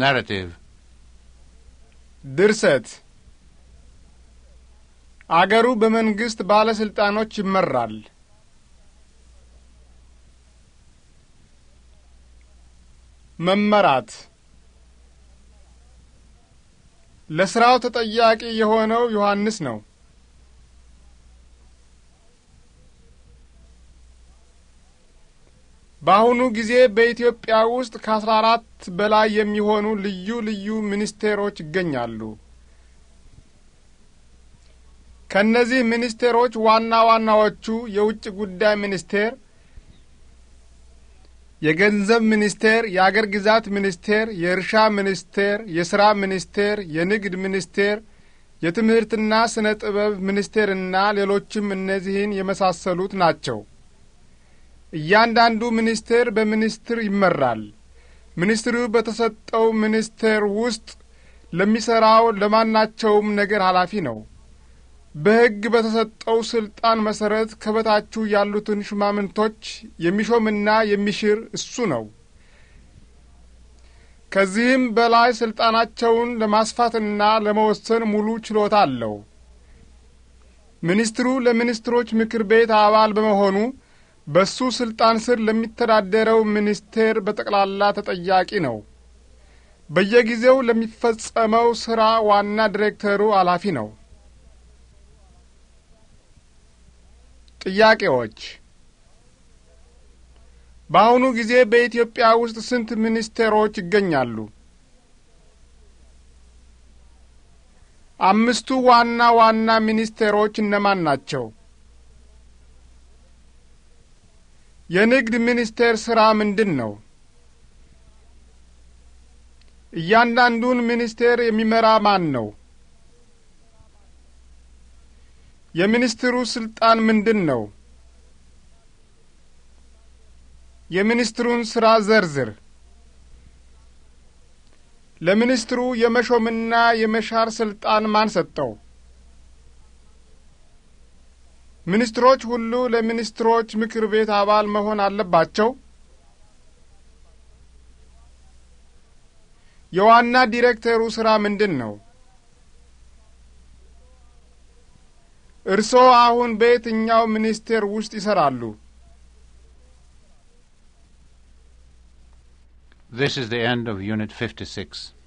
ናራቲቭ ድርሰት አገሩ በመንግስት ባለስልጣኖች ይመራል። መመራት ለስራው ተጠያቂ የሆነው ዮሐንስ ነው። በአሁኑ ጊዜ በኢትዮጵያ ውስጥ ከአስራ አራት በላይ የሚሆኑ ልዩ ልዩ ሚኒስቴሮች ይገኛሉ። ከእነዚህ ሚኒስቴሮች ዋና ዋናዎቹ የውጭ ጉዳይ ሚኒስቴር፣ የገንዘብ ሚኒስቴር፣ የአገር ግዛት ሚኒስቴር፣ የእርሻ ሚኒስቴር፣ የሥራ ሚኒስቴር፣ የንግድ ሚኒስቴር፣ የትምህርትና ስነ ጥበብ ሚኒስቴርና ሌሎችም እነዚህን የመሳሰሉት ናቸው። እያንዳንዱ ሚኒስቴር በሚኒስትር ይመራል። ሚኒስትሩ በተሰጠው ሚኒስቴር ውስጥ ለሚሠራው ለማናቸውም ነገር ኃላፊ ነው። በሕግ በተሰጠው ሥልጣን መሠረት ከበታችሁ ያሉትን ሹማምንቶች የሚሾምና የሚሽር እሱ ነው። ከዚህም በላይ ሥልጣናቸውን ለማስፋትና ለመወሰን ሙሉ ችሎታ አለው። ሚኒስትሩ ለሚኒስትሮች ምክር ቤት አባል በመሆኑ በሱ ስልጣን ስር ለሚተዳደረው ሚኒስቴር በጠቅላላ ተጠያቂ ነው። በየጊዜው ለሚፈጸመው ሥራ ዋና ዲሬክተሩ ኃላፊ ነው። ጥያቄዎች። በአሁኑ ጊዜ በኢትዮጵያ ውስጥ ስንት ሚኒስቴሮች ይገኛሉ? አምስቱ ዋና ዋና ሚኒስቴሮች እነማን ናቸው? የንግድ ሚኒስቴር ሥራ ምንድን ነው? እያንዳንዱን ሚኒስቴር የሚመራ ማን ነው? የሚኒስትሩ ስልጣን ምንድን ነው? የሚኒስትሩን ሥራ ዘርዝር። ለሚኒስትሩ የመሾምና የመሻር ስልጣን ማን ሰጠው? ሚኒስትሮች ሁሉ ለሚኒስትሮች ምክር ቤት አባል መሆን አለባቸው? የዋና ዲሬክተሩ ሥራ ምንድን ነው? እርስዎ አሁን በየትኛው ሚኒስቴር ውስጥ ይሠራሉ? This is the end of Unit 56.